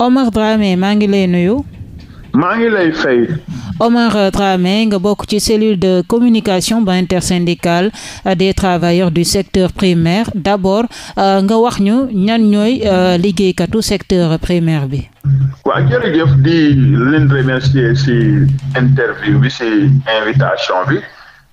Omar Dramé maa ngi lay nuyu. maa ngi lay fay. Omar nga bokk ci cellule de communication ba intersyndicale euh, des travailleurs du secteur primaire d'abord euh, nga wax ñu ñan ñooy euh, liggéeykatu secteur primaire bi. waaw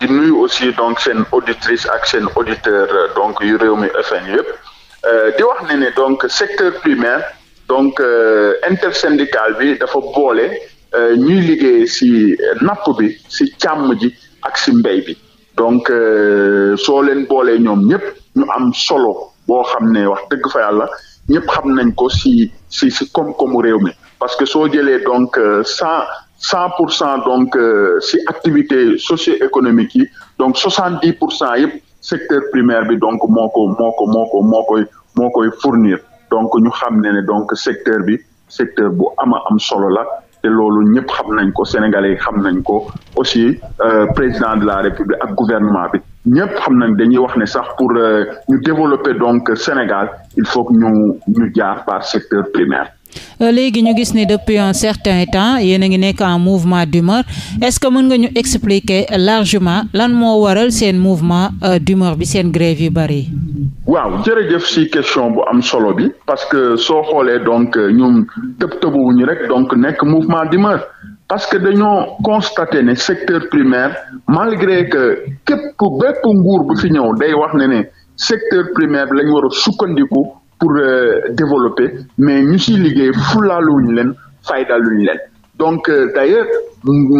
di nuyu aussi donc seen auditrice ak seen auditeur donc yu réew mi FM di wax ne ne donc secteur primaire. donc euh, intersyndical bi dafa boole euh, ñuy liggéeye si napp bi si càmm ji ak si mbéy bi donc euh, soo leen boolee ñoom ñépp ñu am solo boo xam ne wax dëgg fa yàlla ñépp xam nañ ko si si ci koom réew mi parce que soo jëlee donc cent cent pour cent donc ci activité socio économiques yi donc soixante dix pour cent yépp secteur primaire bi donc moo ko moo ko moo ko moo koy moo koy fournir donc ñu xam ne ne donc secteur bi secteur bu ama am solo la te loolu ñëpp xam nañ ko sénégalais yi xam nañ ko aussi euh, président de la république ak gouvernement bi ñëpp xam nañ dañuy wax ne sax pour euh, ñu développer donc Sénégal il faut ñu ñu jaar par secteur primaire Euh, léegi ñu gis ni depuis un certain temps yéen a ngi nekk en mouvement d'humeur est-ce que mën nga ñu expliquer largement lan moo waral seen mouvement euh, d'humeur bi seen grève yu bari waaw jërëjëf ci question bu am solo bi parce que soo xoolee donc euh, ñu tëb tëbuwuñu rek donc nekk mouvement d'humeur parce que dañoo constaté ne secteur primaire malgré que képp bépp nguur bu fi ñëw day wax ne ne secteur primaire lañ war a sukkandiku pour euh, développer mais ñu siy liggéey fulaaluñu leen faydaluñu leen donc euh, d'ailleurs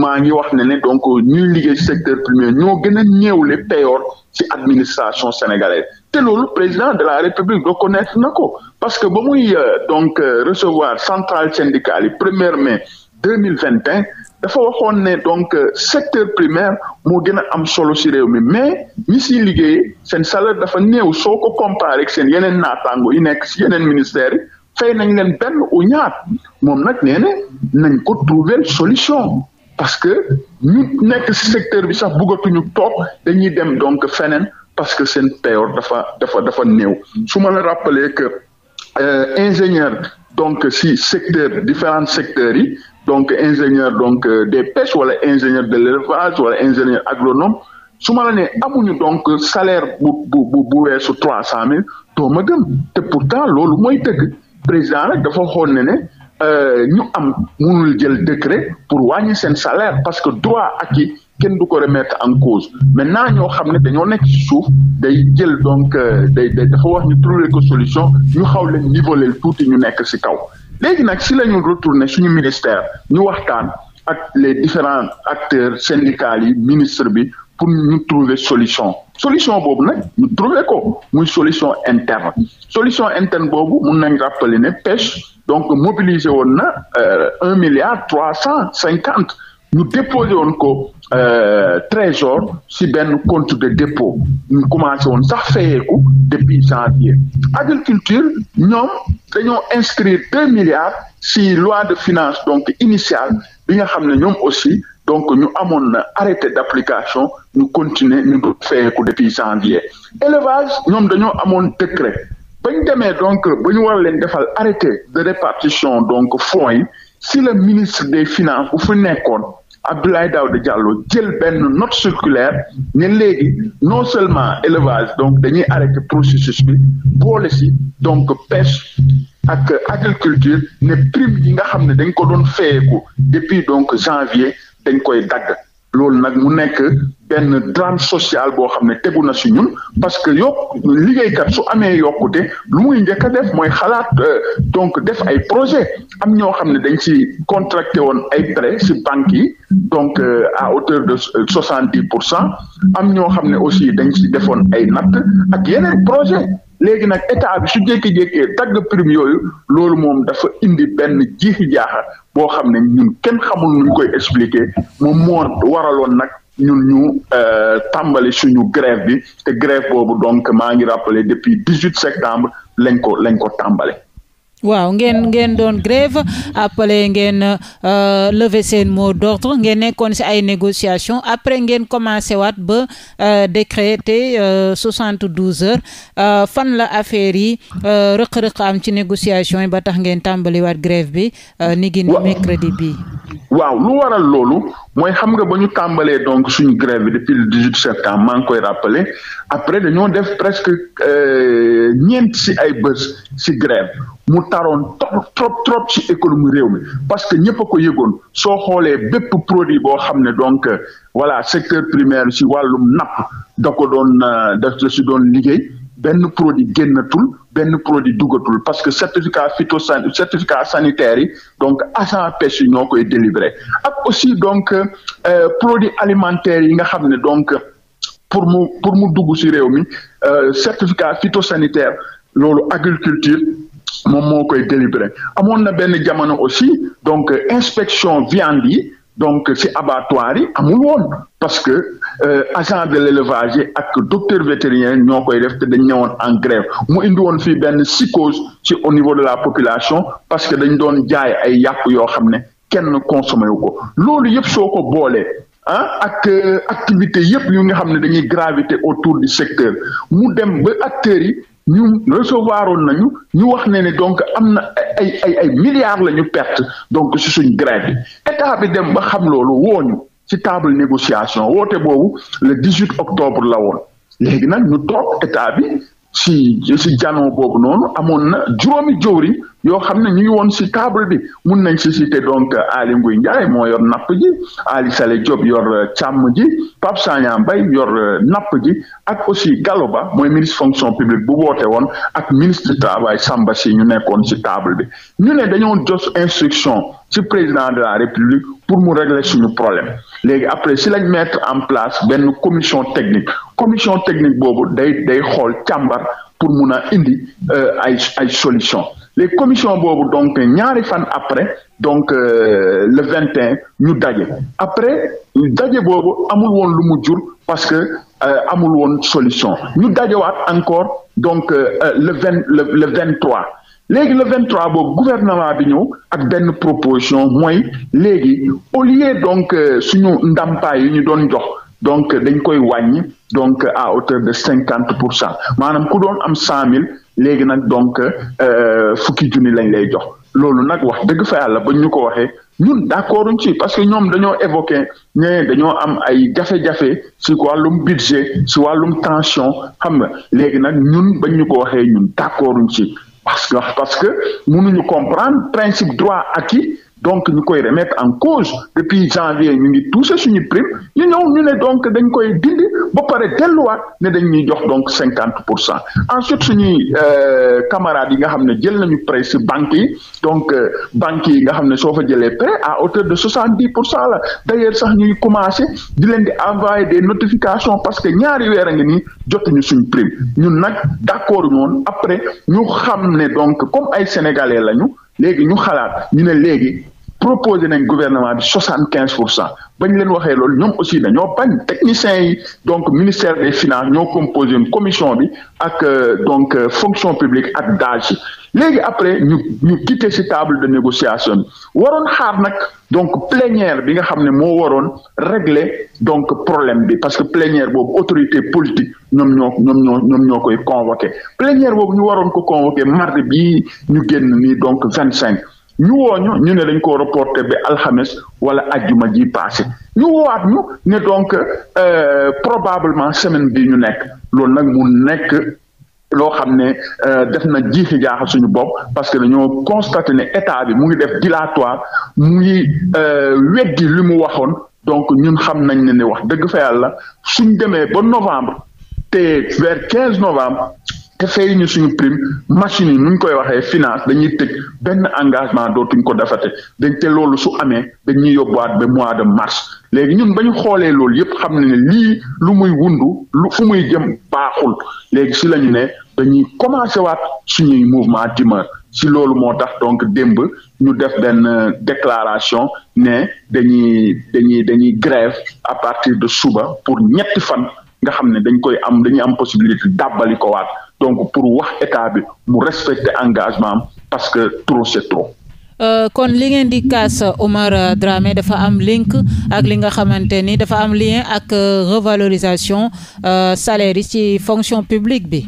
maa ngi wax ne ne donc ñuy liggéey secteur primaire ñoo gën a néewle payoor ci administration sénégalaise te loolu président de la république reconnaître na ko parce que ba muy euh, donc recevoir centrale syndicale yi première mais deux mille vingt et dafa waxoon ne donc euh, secteur primaire moo gën a am solo si réew mi mais ñi si liggéeyee seen salaire dafa néew soo ko comparé seen yeneen naataango yi nekk si yeneen ministères yi fay nañ leen benn u ñaar moom nag nee nañ ko trouver solution parce que ñu nekk si secteur bi sax bëggatuñu toog dañuy dem donc feneen parce que seen payoor dafa dafa dafa néew su ma la rappeler que euh, ingénieur donc si secteur différents secteurs yi donc ingénieur donc euh, des pêches wala ingénieur de l'élevage wala ingénieur agronome su ma la nee amuñu donc salaire bu bu bu bu weesu trois cent mille doo ma gëm te pourtant loolu mooy dëgg président rek dafa xool ne ne euh, ñu am mënul jël décret pour wàññi seen salaire parce que droit acquis kenn du ko remettre en cause maintenant ñoo xam ne dañoo nekk ci suuf day jël donc euh, day day dafa wax ñu trouver ko solution ñu xaw leen niveler tuuti ñu nekk si kaw léegi nag si la ñu retourné suñu ministère ñu waxtaan ak les différents acteurs syndicats yi ministre bi pour ñu trouver solution solution boobu nag ñu trouver ko muy solution interne solution interne boobu mun nañ rappeler ne pêche donc mobiliser woon na euh, un milliard trois cent cinquante ñu déposé woon ko euh, trésor si benn compte de dépôt ñu commencé woon sax fayeeku depuis janvier agriculture ñoom dañoo inscrire deux milliards si loi de finance donc initiale bi nga xam ne ñoom aussi donc ñu amoon na arrêté d'application ñu continuer ñu doon fayeeku depuis janvier élevage ñoom dañoo amoon décret bañ demee donc ba ñu war leen defal arrêté de répartition donc fonds yi si le ministre des finances bu fi nekkoon Abdoulaye Daouda jàlloo jël benn note circulaire ne léegi non seulement élevage donc dañuy arrêter processus bi boole si donc pêche ak agriculture ne prime yi nga xam ne dañ ko doon fayeeku depuis donc janvier dañ koy dagg. loolu nag mu nekk benn drame sociale boo xam ne tegu na si ñun parce que yokk liggéeykat su amee yokkute lu muy njëkk a def mooy xalaat euh, donc def ay projet am ñoo xam ne dañ ci contracté woon ay prêt si banques yi donc euh, à de soixante dix pour cent am ñoo xam ne aussi dañ ci defoon ay natt ak yeneen projet léegi nag état bi su jékki-jékkee tagg prime yooyu loolu moom dafa indi benn jiixi jaaxa boo xam ne ñun kenn xamul koy expliquer moom moo waraloon nag ñun ñu euh, tàmbali suñu grève bi te grève boobu donc maa ngi rappelé depuis dix huit septembre lañ ko lañ ko tàmbale waaw ngeen ngeen doon grève apple ngeen euh, lever seen mot d'ordre ngeen nekkoon si ay négociation après ngeen commencé waat ba euh, décréter 72 euh, heures fan la affaire yi rëq-rëq am ci négociation yi ba tax ngeen tàmbaliwaat grève bi ni gi crédit mercredi bi waaw lu waral loolu mooy xam nga ba ñu tàmbalee donc suñu grève bi depuis le dix maa ngi koy rappeler après dañoo def presque euh, ñeent si ay bés si grève mu taroon trop trop trop ci économie réew mi parce que ñëpp a ko yëgoon soo xoolee bépp produit boo xam ne donc euh, voilà secteur primaire si wàllum napp da ko doon euh, da si doon liggéey benn produit génnatul benn produit duggatul parce que certificat phytosan certificat sanitaire yi donc agent pes yi ñoo koy délivrer ak aussi donc euh, produit alimentaire yi nga xam ne donc pour mu pour mu dugg si réew mi euh, certificat phytosanitaire loolu agriculture moom moo koy délivrer amoon na benn jamono aussi donc euh, inspection viande yi donc ci abattoir yi amul woon parce que euh, agent de l'élevage yi ak docteur vétérinaire ñoo koy def te dañ ñëwoon en grève mu indi woon fii benn psychose ci au niveau de la population parce que dañ doon jaay ay yàpp yoo xam ne kenn consommé wu ko loolu yëpp soo ko boolee ah ak euh, activités yëpp yu nga xam ne dañuy gravité autour du secteur mu dem ba acteur yi ñu recevoir oon nañu ñu wax ne ne donc am na ay ay ay milliards la ñu perte donc si suñ grève état bi dem ba xam loolu wooñu ci table négociation woote boobu le 18 octobre la woon léegi nag ñu toog état bi si si janoo boobu noonu amoon na juróomi jëwriñ yoo xam ne ñu woon si taable bi mun nañ si citer donc Aly Ngouille Ndiaye moo yor napp ji Aly Saleh Diop yor càmm ji Pape Sagna Mbaye yor napp ji ak aussi Gallo Ba mooy ministre fonction publique bu woote woon ak ministre du travail Samba si ñu nekkoon si table bi ñu ne dañoo jos instruction si président de la république pour mu régler suñu problème léegi après si lañ mettre en place benn commission technique commission technique boobu day day xool càmbar pour mun a indi euh, ay ay solution les commission boobu donc ñaari fan après donc euh, le vingt et un ñu daje après daje boobu amul woon lu mu jur parce que euh, amul woon solution ñu dajewaat encore donc euh, euh, le vingt le le vingt trois léegi le 23 boobu gouvernement bi ñëw ak benn proposition mooy léegi au lieu donc euh, suñu ndàmpaay yu ñu doon jox donc dañ koy wàññi donc à hauteur de cinquante pour cent maanaam ku doon am cent mille léegi nag donc euh, fukki junni lañ lay jox loolu nag wax dëgg fa yàlla ba ñu ko waxee ñun d'accord ci parce que ñoom dañoo évoqué ñoo dañoo am ay jafe-jafe si wàllum budget si wàllum tension xam nga léegi nag ñun bañ ñu ko waxee ñun d'accord ci parce que parce que mënuñu comprendre principe droit acquis donc ñu koy remettre en cause depuis janvier ñu ngi touché suñu prime ñu ñëw ñu ne donc dañ koy dindi ba pare delluwaat ne dañ ñuy jox donc cinquante pour cent en ensuite suñuy euh, camarades yi nga xam ne jël nañu prêt si banques yi donc euh, banques yi nga xam ne soo fa jëlee prêt à hauteur de soixante dix pour cent la sax ñuy commencé di di envoyé des notifications parce que ñaari a ngi nii jotuñu suñu prime ñun nag d'accord ñoon après ñu xam ne donc comme ay sénégalais lañu. léegi ñu xalaat ñu ne léegi proposé nañ gouvernement bi soixante quinze pour cent bañ leen waxee loolu ñoom aussi dañoo bañ techniciens yi donc ministère des finances ñoo composé une commission bi ak euh, donc euh, fonction publique ak si léegi après ñu ñu quitté ci table de négociation bi waroon xaar nag donc plénière bi nga xam ne moo waroon régler donc problème bi parce que plénière boobu autorité politique ñoom ñoo ñoom ñoo ñoom ñoo koy convoqué plénière boobu ñu waroon ko convoqué mardi bi ñu génn ni donc vingt cinq ñu woo ñu ne dañ ko reporté ba alxames wala ajjuma ji passé ñu woowaat ñu ne donc euh, probablement semaine bi ñu nekk loolu nag mu nekk loo xam ne euh, def na jiixi jaaxa suñu bopp parce que dañoo constaté ne état bi mu ngi def dilatoire mu ngi euh, weddi li mu waxoon donc ñun xam nañ ne ni wax dëgg fa yàlla suñ demee ba novembre te vers quinze novembre te fayuñu suñu prime machine yi ñu koy waxee finance dañuy tëj benn engagement dootuñ ko defate dañ te loolu su amee dañuy yóbbuwaat ba mois de mars léegi ñun ba xoolee loolu yëpp xam ne ne lii lu muy wundu lu fu muy jëm baaxul léegi si lañu ne dañuy commencé waat suñuy mouvement d'humeur si loolu moo tax donc démb ñu def benn déclaration ne dañuy dañuy dañuy grève à partir de suba pour ñetti fan nga xam ne dañ koy am dañuy am possibilité dàbbali ko waat donc pour wax état bi mu respecter engagement am parce que trop c'est trop. Euh, kon li ngeen di kaas Omar uh, dafa am link ak li nga xamante ni dafa am lien ak uh, revalorisation uh, salaire yi ci fonction publique bi.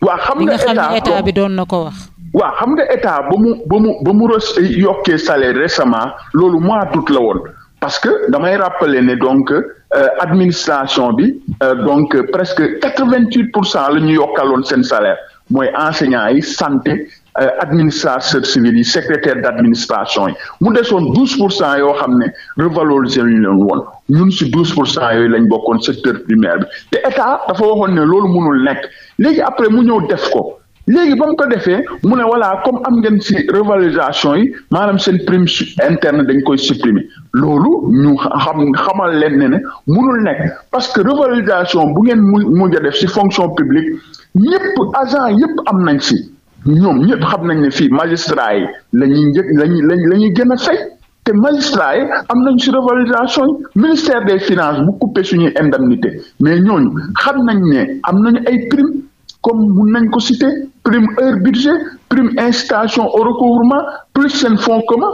waa xam nga état nga xam ne bi doon na ko wax. waa xam nga état ba mu ba mu ba mu yokkee salaire récemment loolu mois d'août la woon. parce que damay rappele ne donc euh, administration bi euh, donc euh, presque quatre-vingt-huit pour cent la ñu yokkaloon seen salaire mooy enseignants yi santé euh, administrateur civil yi secrétaire d'administration yi mu desoon douze pour cent yoo xam ne revaloriser ñu leen woon ñun si douze pour cent yooyu lañ bokkoon secteur primaire bi te état dafa waxoon ne loolu mënul nekk léegi après mu ñëw def ko léegi ba mu ko defee mu ne voilà comme am ngeen si revalorisation yi maanaam seen prime interne dañ koy supprimer loolu ñu xam xamal leen ne ne mënul nekk parce que revalorisation bu ngeen mu mujj a def si fonction publique ñëpp agent yëpp am nañ si ñoom ñëpp xam nañ ne fii magistrat yi la ñuy njëkk la la ñuy gën a fay te magistrat yi am nañ si revalorisation yi ministère des finances bu coupé suñuy indemnité mais ñooñu xam nañ ne am nañu ay prime comme mun nañ ko citer prime heure budget prime incitation au recouvrement plus seen fonds commun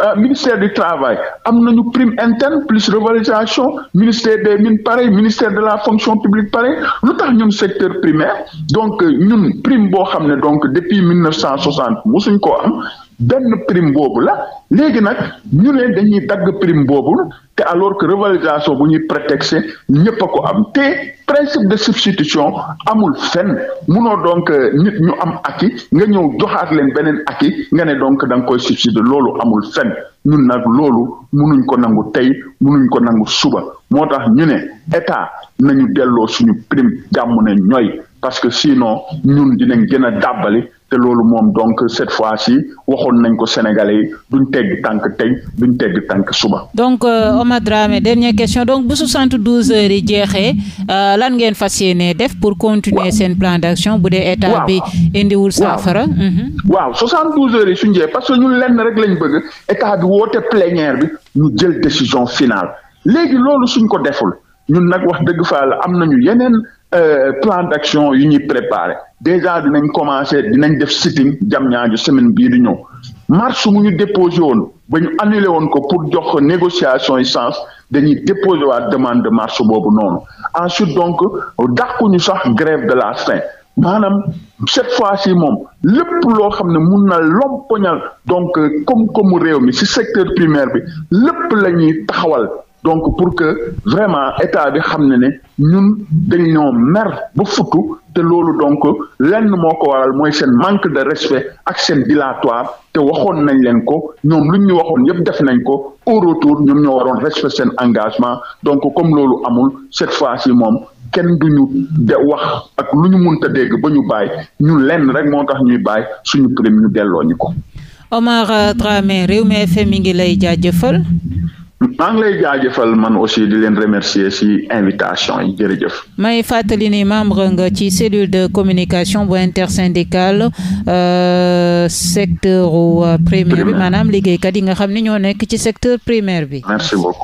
euh, ministère du travail am nañu prime interne plus revalorisation ministère des mines pareil ministère de la fonction publique pareil lu tax ñun secteur primaire donc euh, ñun prime boo xam ne donc depuis mille neuf cent soixante musuñ ko am benn prime boobu la léegi nag ñu ne dañuy dagg prime boobu te alors que revalorisation bu ñuy prétexte ñëpp a ko am te principe de substitution amul fenn munoo donc euh, nit ñu am acquis nga ñëw joxaat leen beneen acquis nga ne donc da nga koy substituer loolu amul fenn ñun nag loolu munuñ ko nangu tey munuñ ko nangu suba moo tax ñu ne état nañu delloo suñu prime jàmm ne ñooy parce que sinon ñun dinañ gën a dàbbali te loolu moom donc cette fois-ci waxoon nañ ko sénégalais yi duñ tegg tànk tey duñ tegg tànk suba. donc euh, Omar Dramé dernière question donc bu 72 heures yi jeexee euh, lan def pour continuer seen plan d'action bu dee état bi indiwul saafara. Mhm. waaw 72 heures yi suñ jeexee parce que ñun lenn rek lañ bëgg état bi woote plénière bi ñu jël décision finale léegi loolu suñ ko deful ñun nag wax dëgg fa la am nañu yeneen. Euh, plan d' action yu ñuy préparé déjà dinañ commencé dinañ def sitting jam ñaaju semaine bii di ñëw marche mu ñu déposé woon ba ñu annulé woon ko pour jox négociation yi sens dañuy déposé waat demande de marche boobu noonu en ensuite donc dàquñu sax grève de la faim maanaam chaque fois si moom lépp loo xam ne mun na lompoñal donc comme comme réew mi si secteur primaire bi lépp la ñuy taxawal donc pour que vraiment état bi xam ne ne ñun dañ ñoo mer ba futu te loolu donc lenn moo ko waral mooy seen manque de respect ak seen dilatoire te waxoon nañ leen ko ñoom lu ñu waxoon yëpp def nañ ko au retour ñoom ñoo waroon respect seen engagement donc comme loolu amul cette fois si moom kenn du ñu de wax ak lu ñu mun mënta dégg ba ñu bàyyi ñun lenn rek moo tax ñuy bàyyi suñu prime ñu delloo ñu ko. Omar euh, Dramé Rewmi FM mi ngi lay jaajëfal. maa ngi lay jaajëfal man aussi di leen remercier ci invitation yi jërëjëf. may fàttali ni membre nga ci cellule de communication bu intersyndicale euh, secteur euh, primaire bi maanaam liggéeykat yi nga xam ni ñoo nekk ci secteur primaire bi. merci beaucoup.